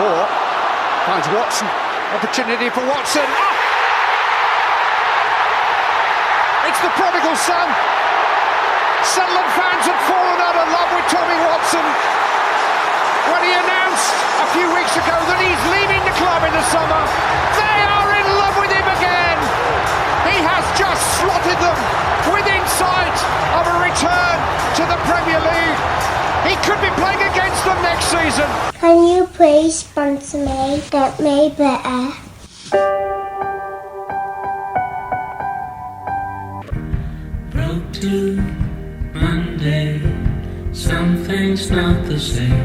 Moore finds Watson. Opportunity for Watson. Ah! It's the prodigal son. Sunderland fans have fallen out of love with Tommy Watson when he announced a few weeks ago that he's leaving the club in the summer. They are in love with him again. He has just slotted them within sight of a return to the Premier League. He could be playing against them next season. Can you please sponsor me? Get me better. Broke to Monday. Something's not the same.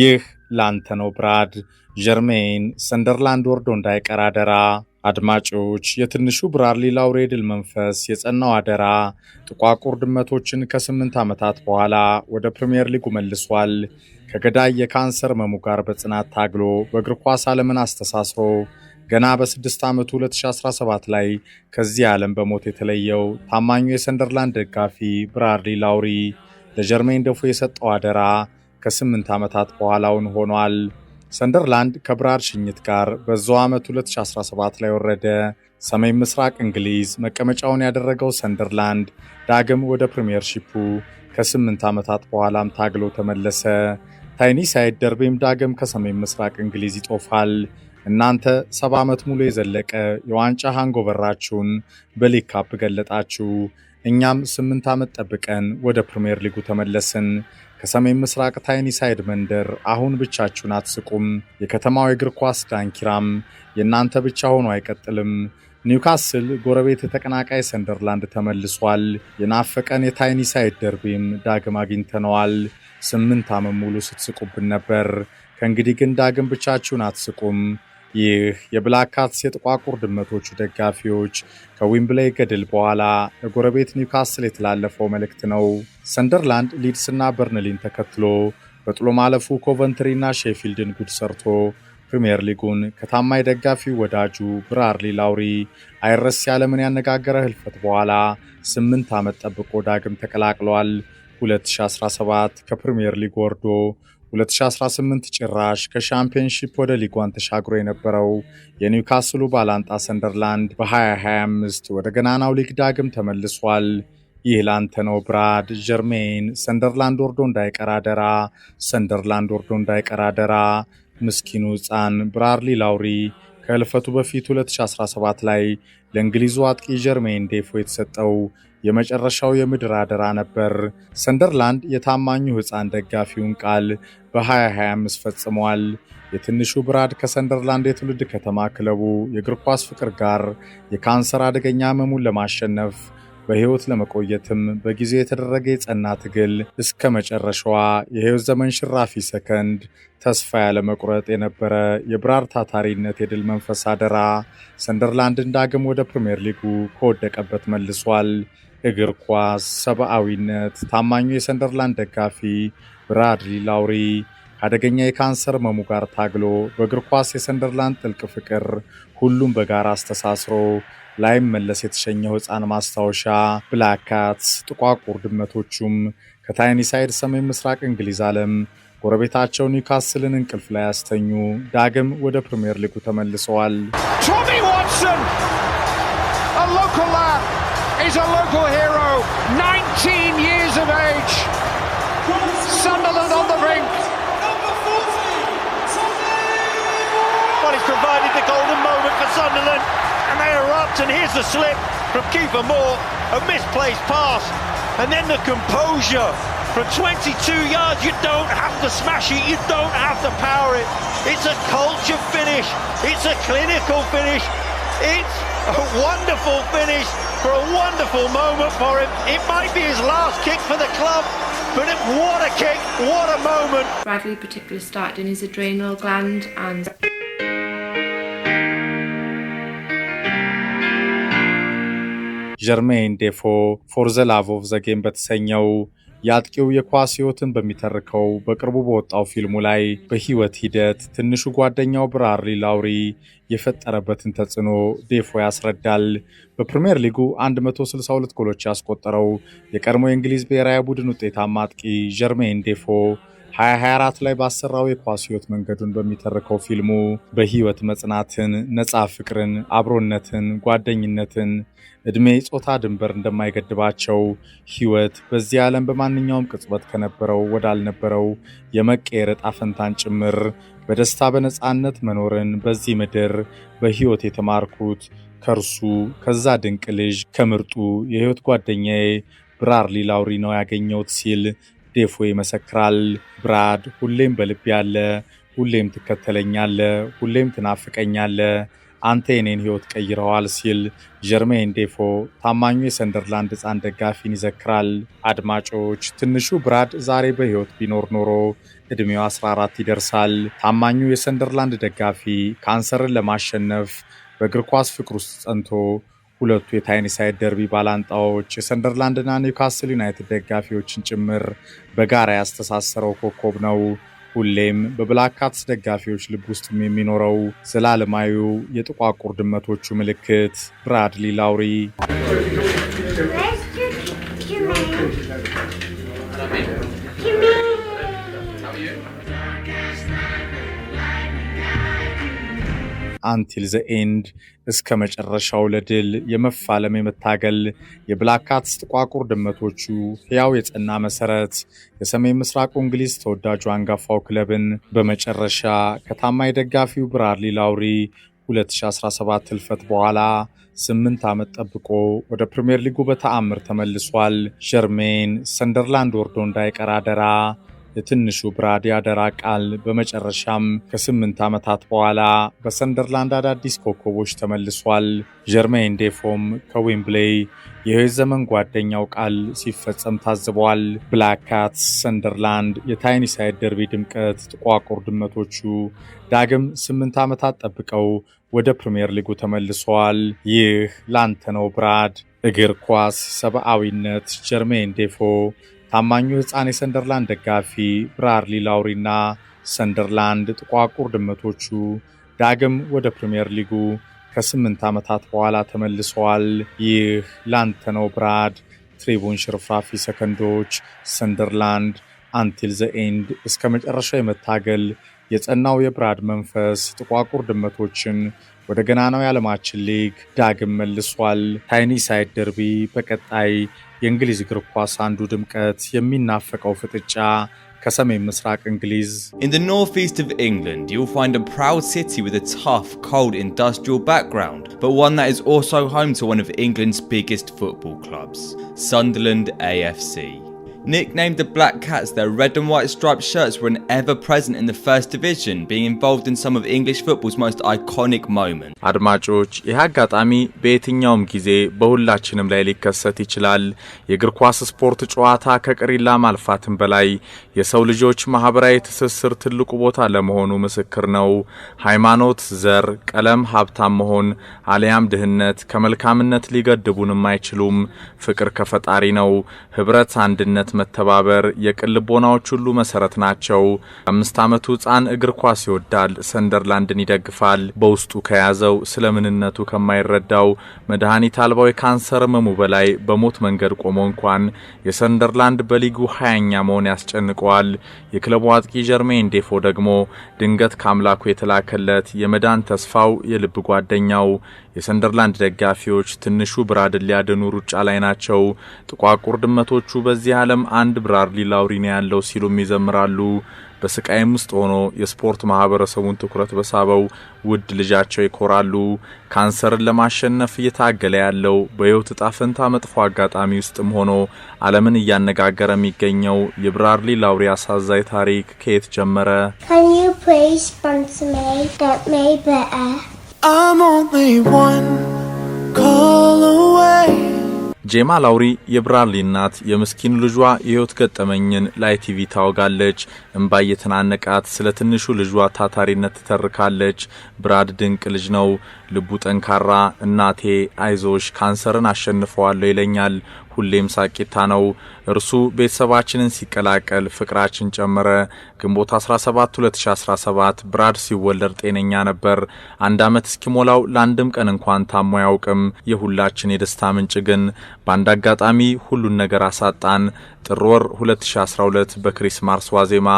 ይህ ላንተ ነው ብራድ ጀርሜን ሰንደርላንድ ወርዶ እንዳይቀር አደራ አድማጮች የትንሹ ብራድሊ ላውሬ ድል መንፈስ የጸናው አደራ ጥቋቁር ድመቶችን ከስምንት ዓመታት በኋላ ወደ ፕሪምየር ሊጉ መልሷል። ከገዳይ የካንሰር መሙ ጋር በጽናት ታግሎ በእግር ኳስ ዓለምን አስተሳስሮ ገና በስድስት ዓመቱ 2017 ላይ ከዚህ ዓለም በሞት የተለየው ታማኙ የሰንደርላንድ ደጋፊ ብራድሊ ላውሪ ለጀርሜን ደፎ የሰጠው አደራ ከስምንት ዓመታት በኋላውን ሆኗል። ሰንደርላንድ ከብራድ ሽኝት ጋር በዛው ዓመት 2017 ላይ ወረደ። ሰሜን ምስራቅ እንግሊዝ መቀመጫውን ያደረገው ሰንደርላንድ ዳግም ወደ ፕሪምየርሺፑ ከስምንት ዓመታት በኋላም ታግሎ ተመለሰ። ታይኒ ሳይድ ደርቤም ዳግም ከሰሜን ምስራቅ እንግሊዝ ይጦፋል። እናንተ ሰባ ዓመት ሙሉ የዘለቀ የዋንጫ ሃንጎቨራችሁን በሊግ ካፕ ገለጣችሁ። እኛም ስምንት ዓመት ጠብቀን ወደ ፕሪምየር ሊጉ ተመለስን። ከሰሜን ምስራቅ ታይኒሳይድ መንደር አሁን ብቻችሁን አትስቁም። የከተማው የእግር ኳስ ዳንኪራም የእናንተ ብቻ ሆኖ አይቀጥልም። ኒውካስል ጎረቤት ተቀናቃይ ሰንደርላንድ ተመልሷል። የናፈቀን የታይኒሳይድ ደርቤም ዳግም አግኝተነዋል። ስምንት ዓመት ሙሉ ስትስቁብን ነበር። ከእንግዲህ ግን ዳግም ብቻችሁን አትስቁም። ይህ የብላክ ካትስ የጥቋቁር ድመቶቹ ደጋፊዎች ከዊምብሌይ ገድል በኋላ ለጎረቤት ኒውካስል የተላለፈው መልእክት ነው። ሰንደርላንድ ሊድስና በርንሊን ተከትሎ በጥሎ ማለፉ ኮቨንትሪና ሼፊልድን ጉድ ሰርቶ ፕሪምየር ሊጉን ከታማኝ ደጋፊው ወዳጁ ብራርሊ ላውሪ አይረስ ያለምን ያነጋገረ ህልፈት በኋላ ስምንት ዓመት ጠብቆ ዳግም ተቀላቅሏል። 2017 ከፕሪምየር ሊግ ወርዶ 2018 ጭራሽ ከሻምፒዮንሺፕ ወደ ሊጓን ተሻግሮ የነበረው የኒውካስሉ ባላንጣ ሰንደርላንድ በ2025 ወደ ገናናው ሊግ ዳግም ተመልሷል። ይህ ላንተ ነው ብራድ ጀርሜን። ሰንደርላንድ ወርዶ እንዳይቀር አደራ፣ ሰንደርላንድ ወርዶ እንዳይቀር አደራ። ምስኪኑ ሕፃን ብራድሊ ላውሪ ከእልፈቱ በፊት 2017 ላይ ለእንግሊዙ አጥቂ ጀርሜን ዴፎ የተሰጠው የመጨረሻው የምድር አደራ ነበር። ሰንደርላንድ የታማኙ ሕፃን ደጋፊውን ቃል በ2025 ፈጽሟል። የትንሹ ብራድ ከሰንደርላንድ የትውልድ ከተማ ክለቡ የእግር ኳስ ፍቅር ጋር የካንሰር አደገኛ ህመሙን ለማሸነፍ በህይወት ለመቆየትም በጊዜ የተደረገ የጸና ትግል እስከ መጨረሻዋ የህይወት ዘመን ሽራፊ ሰከንድ ተስፋ ያለመቁረጥ የነበረ የብራድ ታታሪነት የድል መንፈስ አደራ ሰንደርላንድን ዳግም ወደ ፕሪምየር ሊጉ ከወደቀበት መልሷል። እግር ኳስ፣ ሰብአዊነት፣ ታማኙ የሰንደርላንድ ደጋፊ ብራድሊ ላውሪ ከአደገኛ የካንሰር መሙ ጋር ታግሎ በእግር ኳስ የሰንደርላንድ ጥልቅ ፍቅር፣ ሁሉም በጋራ አስተሳስሮ ላይም መለስ የተሸኘው ህፃን ማስታወሻ፣ ብላካትስ ጥቋቁር ድመቶቹም ከታይኒሳይድ ሰሜን ምስራቅ እንግሊዝ ዓለም ጎረቤታቸው ኒውካስልን እንቅልፍ ላይ ያስተኙ ዳግም ወደ ፕሪምየር ሊጉ ተመልሰዋል። He's a local hero, 19 years of age. Sunderland on the brink. Well, he's provided the golden moment for Sunderland, and they erupt. And here's the slip from keeper Moore, a misplaced pass, and then the composure from 22 yards. You don't have to smash it, you don't have to power it. It's a culture finish, it's a clinical finish, it's a wonderful finish for a wonderful moment for him. It might be his last kick for the club, but it, what a kick, what a moment. Bradley particularly started in his adrenal gland and... ጀርሜን ዴፎ ፎር ዘ ላቭ ኦፍ ዘ ጌም በተሰኘው የአጥቂው የኳስ ህይወትን በሚተርከው በቅርቡ በወጣው ፊልሙ ላይ በህይወት ሂደት ትንሹ ጓደኛው ብራድሊ ላውሪ የፈጠረበትን ተጽዕኖ ዴፎ ያስረዳል። በፕሪምየር ሊጉ 162 ጎሎች ያስቆጠረው የቀድሞ የእንግሊዝ ብሔራዊ ቡድን ውጤታማ አጥቂ ጀርሜን ዴፎ 2024 ላይ ባሰራው የኳስ ህይወት መንገዱን በሚተርከው ፊልሙ በህይወት መጽናትን፣ ነፃ ፍቅርን፣ አብሮነትን፣ ጓደኝነትን እድሜ ጾታ ድንበር እንደማይገድባቸው ህይወት በዚህ ዓለም በማንኛውም ቅጽበት ከነበረው ወዳልነበረው የመቀየር ዕጣ ፈንታን ጭምር በደስታ በነፃነት መኖርን በዚህ ምድር በህይወት የተማርኩት ከእርሱ ከዛ ድንቅ ልጅ ከምርጡ የህይወት ጓደኛዬ ብራርሊ ላውሪ ነው ያገኘሁት ሲል ዴፎ ይመሰክራል። ብራድ ሁሌም በልቤ ያለ፣ ሁሌም ትከተለኛለ፣ ሁሌም ትናፍቀኛለ አንተ የኔን ህይወት ቀይረዋል ሲል ጀርሜን ዴፎ ታማኙ የሰንደርላንድ ህፃን ደጋፊን ይዘክራል። አድማጮች፣ ትንሹ ብራድ ዛሬ በህይወት ቢኖር ኖሮ ዕድሜው 14 ይደርሳል። ታማኙ የሰንደርላንድ ደጋፊ ካንሰርን ለማሸነፍ በእግር ኳስ ፍቅር ውስጥ ጸንቶ ሁለቱ የታይኒሳይድ ደርቢ ባላንጣዎች የሰንደርላንድና ኒውካስል ዩናይትድ ደጋፊዎችን ጭምር በጋራ ያስተሳሰረው ኮከብ ነው። ሁሌም በብላክ ካትስ ደጋፊዎች ልብ ውስጥም የሚኖረው ዘላለማዊ የጥቋቁር ድመቶቹ ምልክት ብራድሊ ላውሪ አንቲል ዘ ኤንድ እስከ መጨረሻው ለድል የመፋለም የመታገል የብላካትስ ጥቋቁር ድመቶቹ ሕያው የጸና መሰረት የሰሜን ምስራቁ እንግሊዝ ተወዳጁ አንጋፋው ክለብን በመጨረሻ ከታማኝ ደጋፊው ብራድሊ ላውሪ 2017 ህልፈት በኋላ ስምንት ዓመት ጠብቆ ወደ ፕሪምየር ሊጉ በተአምር ተመልሷል። ጀርሜን ሰንደርላንድ ወርዶ እንዳይቀር አደራ የትንሹ ብራድ ያደራ ቃል በመጨረሻም ከስምንት ዓመታት በኋላ በሰንደርላንድ አዳዲስ ኮከቦች ተመልሷል። ጀርሜን ዴፎም ከዌምብሌይ የህይወት ዘመን ጓደኛው ቃል ሲፈጸም ታዝበዋል። ብላክ ካትስ ሰንደርላንድ የታይኒሳይድ ደርቢ ድምቀት ጥቋቁር ድመቶቹ ዳግም ስምንት ዓመታት ጠብቀው ወደ ፕሪምየር ሊጉ ተመልሰዋል። ይህ ላንተ ነው ብራድ። እግር ኳስ ሰብአዊነት ጀርሜን ዴፎ ታማኙ ሕፃን የሰንደርላንድ ደጋፊ ብራድሊ ላውሪና ሰንደርላንድ ጥቋቁር ድመቶቹ ዳግም ወደ ፕሪምየር ሊጉ ከስምንት ዓመታት በኋላ ተመልሰዋል። ይህ ላንተ ነው ብራድ። ትሪቡን ሽርፍራፊ ሰከንዶች። ሰንደርላንድ አንቲል ዘ ኤንድ፣ እስከ መጨረሻ የመታገል የጸናው የብራድ መንፈስ ጥቋቁር ድመቶችን ወደ ገናናው የዓለማችን ሊግ ዳግም መልሷል። ደርቢ በቀጣይ የእንግሊዝ እግር ኳስ አንዱ ድምቀት የሚናፈቀው ፍጥጫ ከሰሜን ምስራቅ እንግሊዝ In the northeast of England you'll find a proud city with a tough, cold industrial background, but one that is also home to one of England's biggest football clubs, Sunderland AFC. Nicknamed the Black Cats, their red and white striped shirts were an ever present in the First Division, being involved in some of English football's most iconic moments. አድማጮች ይህ አጋጣሚ በየትኛውም ጊዜ በሁላችንም ላይ ሊከሰት ይችላል። የእግር ኳስ ስፖርት ጨዋታ ከቅሪላ ማልፋትም በላይ የሰው ልጆች ማህበራዊ ትስስር ትልቁ ቦታ ለመሆኑ ምስክር ነው። ሃይማኖት፣ ዘር፣ ቀለም፣ ሀብታም መሆን አሊያም ድህነት ከመልካምነት ሊገድቡንም አይችሉም። ፍቅር ከፈጣሪ ነው። ህብረት፣ አንድነት መተባበር የቅል ቦናዎች ሁሉ መሰረት ናቸው። አምስት ዓመቱ ህፃን እግር ኳስ ይወዳል፣ ሰንደርላንድን ይደግፋል። በውስጡ ከያዘው ስለ ምንነቱ ከማይረዳው መድኃኒት አልባው የካንሰር ህመሙ በላይ በሞት መንገድ ቆሞ እንኳን የሰንደርላንድ በሊጉ ሀያኛ መሆን ያስጨንቀዋል። የክለቡ አጥቂ ጀርሜን ዴፎ ደግሞ ድንገት ከአምላኩ የተላከለት የመዳን ተስፋው የልብ ጓደኛው የሰንደርላንድ ደጋፊዎች ትንሹ ብራድን ሊያድኑ ሩጫ ላይ ናቸው። ጥቋቁር ድመቶቹ በዚህ ዓለም አንድ ብራድሊ ላውሪ ያለው ሲሉም ይዘምራሉ። በስቃይም ውስጥ ሆኖ የስፖርት ማህበረሰቡን ትኩረት በሳበው ውድ ልጃቸው ይኮራሉ። ካንሰርን ለማሸነፍ እየታገለ ያለው በሕይወት እጣ ፈንታ መጥፎ አጋጣሚ ውስጥም ሆኖ ዓለምን እያነጋገረ የሚገኘው የብራድሊ ላውሪ አሳዛኝ ታሪክ ከየት ጀመረ? ጄማ ላውሪ የብራድሊ እናት የምስኪን ልጇ የህይወት ገጠመኝን ቲቪ ታወጋለች። እምባ የተናነቃት ስለ ትንሹ ልጇ ታታሪነት ትተርካለች። ብራድ ድንቅ ልጅ ነው። ልቡ ጠንካራ እናቴ አይዞሽ ካንሰርን አሸንፈዋለሁ ይለኛል። ሁሌም ሳቂታ ነው። እርሱ ቤተሰባችንን ሲቀላቀል ፍቅራችን ጨመረ። ግንቦት 17 2017 ብራድ ሲወለድ ጤነኛ ነበር። አንድ ዓመት እስኪሞላው ለአንድም ቀን እንኳን ታሞ አያውቅም። የሁላችን የደስታ ምንጭ ግን በአንድ አጋጣሚ ሁሉን ነገር አሳጣን። ጥር ወር 2012 በክሪስማስ ዋዜማ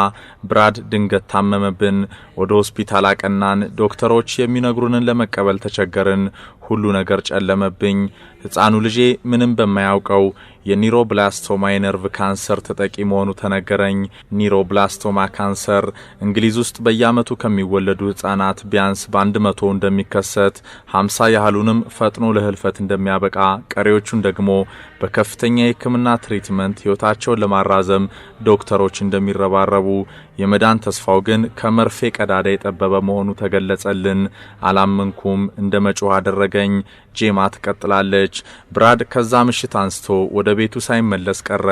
ብራድ ድንገት ታመመብን። ወደ ሆስፒታል አቀናን። ዶክተሮች የሚነግሩንን ለመቀበል ተቸገርን። ሁሉ ነገር ጨለመብኝ። ሕፃኑ ልጄ ምንም በማያውቀው የኒሮብላስቶማ የነርቭ ካንሰር ተጠቂ መሆኑ ተነገረኝ። ኒሮብላስቶማ ካንሰር እንግሊዝ ውስጥ በየዓመቱ ከሚወለዱ ሕፃናት ቢያንስ በአንድ መቶ እንደሚከሰት፣ ሀምሳ ያህሉንም ፈጥኖ ለህልፈት እንደሚያበቃ፣ ቀሪዎቹን ደግሞ በከፍተኛ የሕክምና ትሪትመንት ሕይወታቸውን ለማራዘም ዶክተሮች እንደሚረባረቡ፣ የመዳን ተስፋው ግን ከመርፌ ቀዳዳ የጠበበ መሆኑ ተገለጸልን። አላመንኩም፣ እንደ መጮህ አደረገኝ። ጄማ ትቀጥላለች። ብራድ ከዛ ምሽት አንስቶ ወደ ቤቱ ሳይመለስ ቀረ።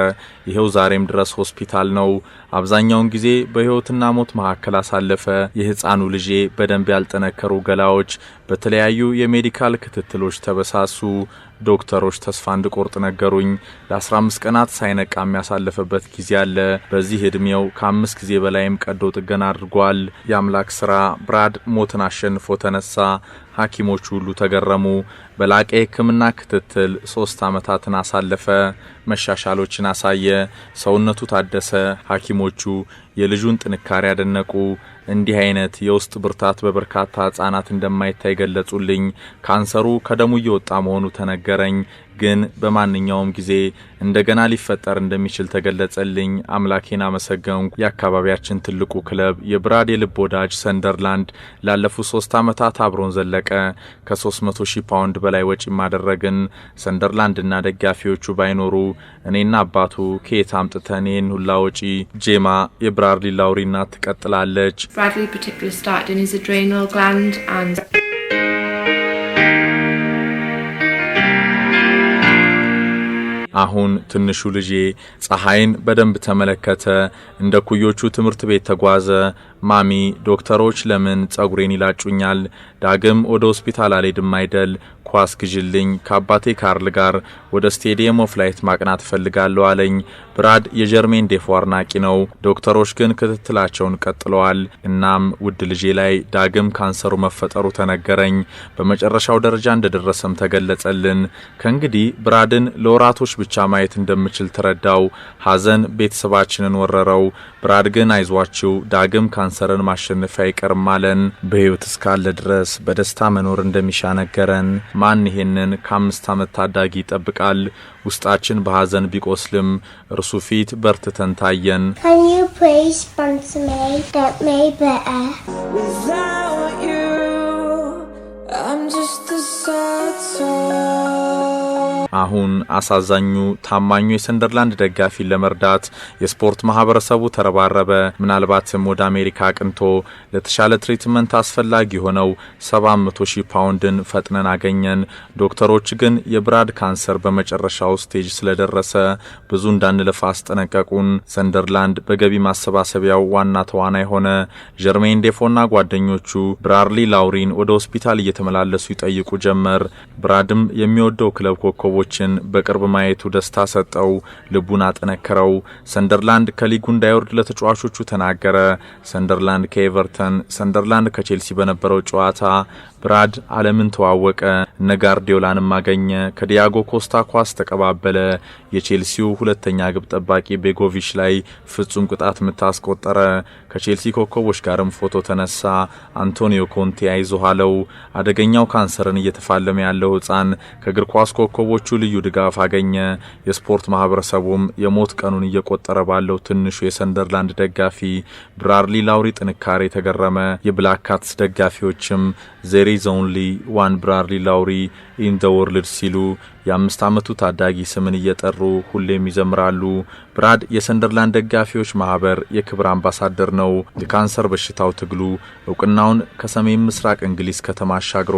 ይኸው ዛሬም ድረስ ሆስፒታል ነው። አብዛኛውን ጊዜ በሕይወትና ሞት መካከል አሳለፈ። የሕፃኑ ልጄ በደንብ ያልጠነከሩ ገላዎች በተለያዩ የሜዲካል ክትትሎች ተበሳሱ። ዶክተሮች ተስፋ እንድቆርጥ ነገሩኝ። ለ15 ቀናት ሳይነቃ የሚያሳለፈበት ጊዜ አለ። በዚህ ዕድሜው ከአምስት ጊዜ በላይም ቀዶ ጥገና አድርጓል። የአምላክ ስራ ብራድ ሞትን አሸንፎ ተነሳ። ሐኪሞች ሁሉ ተገረሙ። በላቀ የሕክምና ክትትል ሶስት ዓመታትን አሳለፈ። መሻሻሎችን አሳየ። ሰውነቱ ታደሰ። ሐኪሞቹ የልጁን ጥንካሬ አደነቁ። እንዲህ አይነት የውስጥ ብርታት በበርካታ ሕፃናት እንደማይታይ ገለጹልኝ። ካንሰሩ ከደሙ እየወጣ መሆኑ ተነገረኝ። ግን በማንኛውም ጊዜ እንደገና ሊፈጠር እንደሚችል ተገለጸልኝ። አምላኬን አመሰገንኩ። የአካባቢያችን ትልቁ ክለብ የብራድ የልብ ወዳጅ ሰንደርላንድ ላለፉት ሶስት ዓመታት አብሮን ዘለቀ። ከ300 ሺህ ፓውንድ በላይ ወጪም አደረግን። ሰንደርላንድና ደጋፊዎቹ ባይኖሩ እኔና አባቱ ከየት አምጥተን ይህን ሁላ ወጪ። ጄማ የብራድሊ ላውሪ እናት ትቀጥላለች። አሁን ትንሹ ልጄ ፀሐይን በደንብ ተመለከተ። እንደ ኩዮቹ ትምህርት ቤት ተጓዘ። ማሚ ዶክተሮች ለምን ጸጉሬን ይላጩኛል? ዳግም ወደ ሆስፒታል አልሄድም አይደል? ኳስ ግዥልኝ ከአባቴ ካርል ጋር ወደ ስቴዲየም ኦፍ ላይት ማቅናት እፈልጋለሁ አለኝ። ብራድ የጀርሜን ዴፎ አድናቂ ነው። ዶክተሮች ግን ክትትላቸውን ቀጥለዋል። እናም ውድ ልጄ ላይ ዳግም ካንሰሩ መፈጠሩ ተነገረኝ። በመጨረሻው ደረጃ እንደደረሰም ተገለጸልን። ከእንግዲህ ብራድን ለወራቶች ብቻ ማየት እንደምችል ተረዳው። ሐዘን ቤተሰባችንን ወረረው። ብራድ ግን አይዟችው ዳግም ካንሰርን ማሸነፍ አይቀርም አለን። በህይወት እስካለ ድረስ በደስታ መኖር እንደሚሻ ነገረን። ማን ይሄንን ከአምስት ዓመት ታዳጊ ይጠብቃል? ውስጣችን በሐዘን ቢቆስልም እርሱ ፊት በርትተን ታየን። I'm just a sad soul. አሁን አሳዛኙ ታማኙ የሰንደርላንድ ደጋፊ ለመርዳት የስፖርት ማህበረሰቡ ተረባረበ። ምናልባትም ወደ አሜሪካ አቅንቶ ለተሻለ ትሪትመንት አስፈላጊ የሆነው 700 ሺህ ፓውንድን ፈጥነን አገኘን። ዶክተሮች ግን የብራድ ካንሰር በመጨረሻው ስቴጅ ስለደረሰ ብዙ እንዳንለፋ አስጠነቀቁን። ሰንደርላንድ በገቢ ማሰባሰቢያው ዋና ተዋናይ ሆነ። ጀርሜን ዴፎና ጓደኞቹ ብራርሊ ላውሪን ወደ ሆስፒታል እየተመላለሱ ይጠይቁ ጀመር። ብራድም የሚወደው ክለብ ኮከቦች ክለቦችን በቅርብ ማየቱ ደስታ ሰጠው፣ ልቡን አጠነከረው። ሰንደርላንድ ከሊጉ እንዳይወርድ ለተጫዋቾቹ ተናገረ። ሰንደርላንድ ከኤቨርተን፣ ሰንደርላንድ ከቼልሲ በነበረው ጨዋታ ብራድ አለምን ተዋወቀ፣ እነ ጋርዲዮላንም አገኘ፣ ከዲያጎ ኮስታ ኳስ ተቀባበለ። የቼልሲው ሁለተኛ ግብ ጠባቂ ቤጎቪች ላይ ፍጹም ቅጣት ምት አስቆጠረ። ከቼልሲ ኮከቦች ጋርም ፎቶ ተነሳ። አንቶኒዮ ኮንቴ አይዞህ አለው። አደገኛው ካንሰርን እየተፋለመ ያለው ህፃን ከእግር ኳስ ኮከቦቹ ልዩ ድጋፍ አገኘ። የስፖርት ማህበረሰቡም የሞት ቀኑን እየቆጠረ ባለው ትንሹ የሰንደርላንድ ደጋፊ ብራድሊ ላውሪ ጥንካሬ ተገረመ። የብላክ ካትስ ደጋፊዎችም ዜሪ is only ዋን ብራድሊ ላውሪ ኢን ዘ ወርልድ ሲሉ የአምስት ዓመቱ ታዳጊ ስምን እየጠሩ ሁሌም ይዘምራሉ። ብራድ የሰንደርላንድ ደጋፊዎች ማህበር የክብር አምባሳደር ነው። የካንሰር በሽታው ትግሉ እውቅናውን ከሰሜን ምስራቅ እንግሊዝ ከተማ አሻግሮ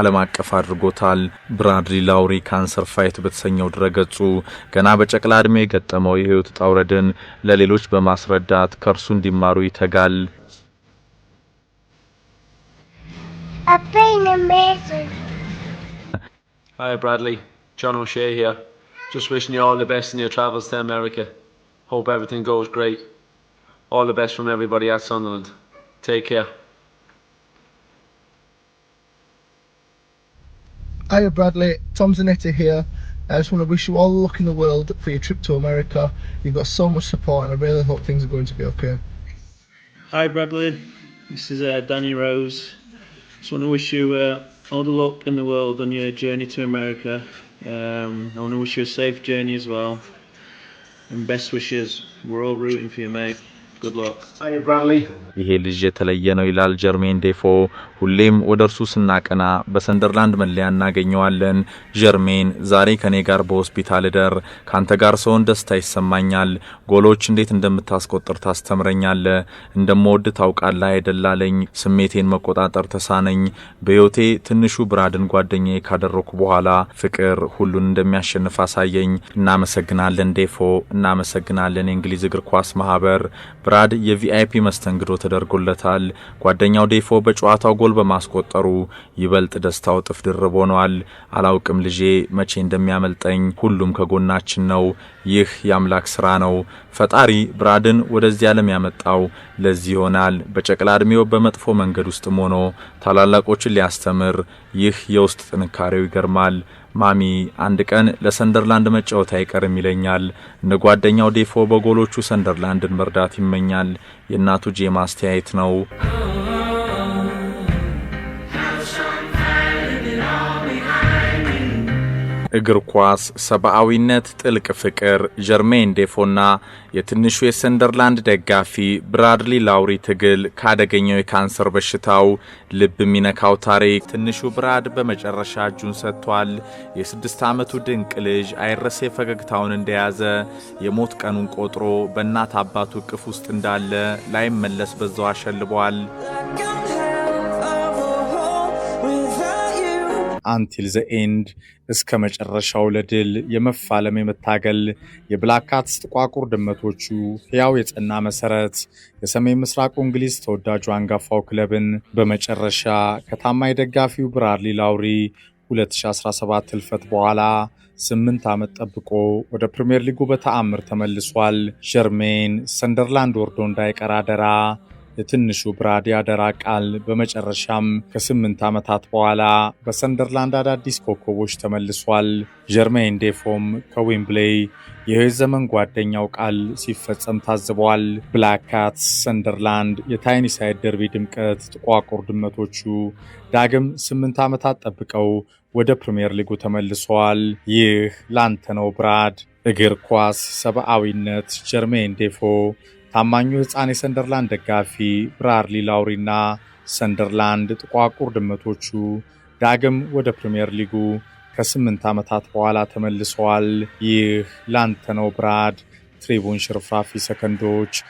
ዓለም አቀፍ አድርጎታል። ብራድሊ ላውሪ ካንሰር ፋይት በተሰኘው ድረገጹ ገና በጨቅላ ዕድሜ የገጠመው የህይወት ጣውረድን ለሌሎች በማስረዳት ከእርሱ እንዲማሩ ይተጋል። I've been amazing. Hi, Bradley. John O'Shea here. Just wishing you all the best in your travels to America. Hope everything goes great. All the best from everybody at Sunderland. Take care. Hiya, Bradley. Tom Zanetti here. I just want to wish you all the luck in the world for your trip to America. You've got so much support, and I really hope things are going to be okay. Hi, Bradley. This is uh, Danny Rose. Just want to wish you uh, all the luck in the world on your journey to America. Um, I want to wish you a safe journey as well. And best wishes. We're all rooting for you, mate. ይሄ ልጅ የተለየ ነው ይላል ጀርሜን ዴፎ። ሁሌም ወደ እርሱ ስናቀና በሰንደርላንድ መለያ እናገኘዋለን። ጀርሜን ዛሬ ከኔ ጋር በሆስፒታል እደር፣ ካንተ ጋር ሰውን ደስታ ይሰማኛል። ጎሎች እንዴት እንደምታስቆጥር ታስተምረኛለ። እንደምወድ ታውቃለ አይደላለኝ። ስሜቴን መቆጣጠር ተሳነኝ። በህይወቴ ትንሹ ብራድን ጓደኛዬ ካደረኩ በኋላ ፍቅር ሁሉን እንደሚያሸንፍ አሳየኝ። እናመሰግናለን ዴፎ፣ እናመሰግናለን የእንግሊዝ እግር ኳስ ማህበር ብራድ የቪአይፒ መስተንግዶ ተደርጎለታል። ጓደኛው ዴፎ በጨዋታው ጎል በማስቆጠሩ ይበልጥ ደስታው ጥፍ ድርብ ሆኗል። አላውቅም ልጄ መቼ እንደሚያመልጠኝ፣ ሁሉም ከጎናችን ነው። ይህ የአምላክ ስራ ነው። ፈጣሪ ብራድን ወደዚህ ዓለም ያመጣው ለዚህ ይሆናል። በጨቅላ ዕድሜው በመጥፎ መንገድ ውስጥም ሆኖ ታላላቆችን ሊያስተምር፣ ይህ የውስጥ ጥንካሬው ይገርማል። ማሚ አንድ ቀን ለሰንደርላንድ መጫወት አይቀርም ይለኛል። እንደ ጓደኛው ዴፎ በጎሎቹ ሰንደርላንድን መርዳት ይመኛል። የእናቱ ጄማ አስተያየት ነው። እግር ኳስ፣ ሰብአዊነት፣ ጥልቅ ፍቅር ጀርሜን ዴፎና የትንሹ የሰንደርላንድ ደጋፊ ብራድሊ ላውሪ ትግል ከአደገኛው የካንሰር በሽታው ልብ የሚነካው ታሪክ። ትንሹ ብራድ በመጨረሻ እጁን ሰጥቷል። የስድስት ዓመቱ ድንቅ ልጅ አይረሴ ፈገግታውን እንደያዘ የሞት ቀኑን ቆጥሮ በእናት አባቱ እቅፍ ውስጥ እንዳለ ላይመለስ በዛው አሸልቧል። አንቲል ዘ ኤንድ እስከ መጨረሻው ለድል የመፋለም የመታገል የብላካት ካትስ ጥቋቁር ድመቶቹ ሕያው የጸና መሰረት የሰሜን ምስራቁ እንግሊዝ ተወዳጁ አንጋፋው ክለብን በመጨረሻ ከታማኝ ደጋፊው ብራድሊ ላውሪ 2017 ህልፈት በኋላ ስምንት ዓመት ጠብቆ ወደ ፕሪምየር ሊጉ በተአምር ተመልሷል። ጀርሜን ሰንደርላንድ ወርዶ እንዳይቀር አደራ የትንሹ ብራድ ያደራ ቃል በመጨረሻም ከስምንት ዓመታት በኋላ በሰንደርላንድ አዳዲስ ኮከቦች ተመልሷል። ጀርሜን ዴፎም ከዌምብሌይ የህይወት ዘመን ጓደኛው ቃል ሲፈጸም ታዝበዋል። ብላክ ካትስ ሰንደርላንድ የታይኒሳይድ ደርቢ ድምቀት ጥቋቁር ድመቶቹ ዳግም ስምንት ዓመታት ጠብቀው ወደ ፕሪምየር ሊጉ ተመልሰዋል። ይህ ላንተ ነው ብራድ። እግር ኳስ ሰብአዊነት ጀርሜን ዴፎ ታማኙ ሕፃን የሰንደርላንድ ደጋፊ ብራድሊ ላውሪና ሰንደርላንድ ጥቋቁር ድመቶቹ ዳግም ወደ ፕሪምየር ሊጉ ከስምንት ዓመታት በኋላ ተመልሰዋል። ይህ ላንተ ነው ብራድ። ትሪቡን ሽርፍራፊ ሰከንዶች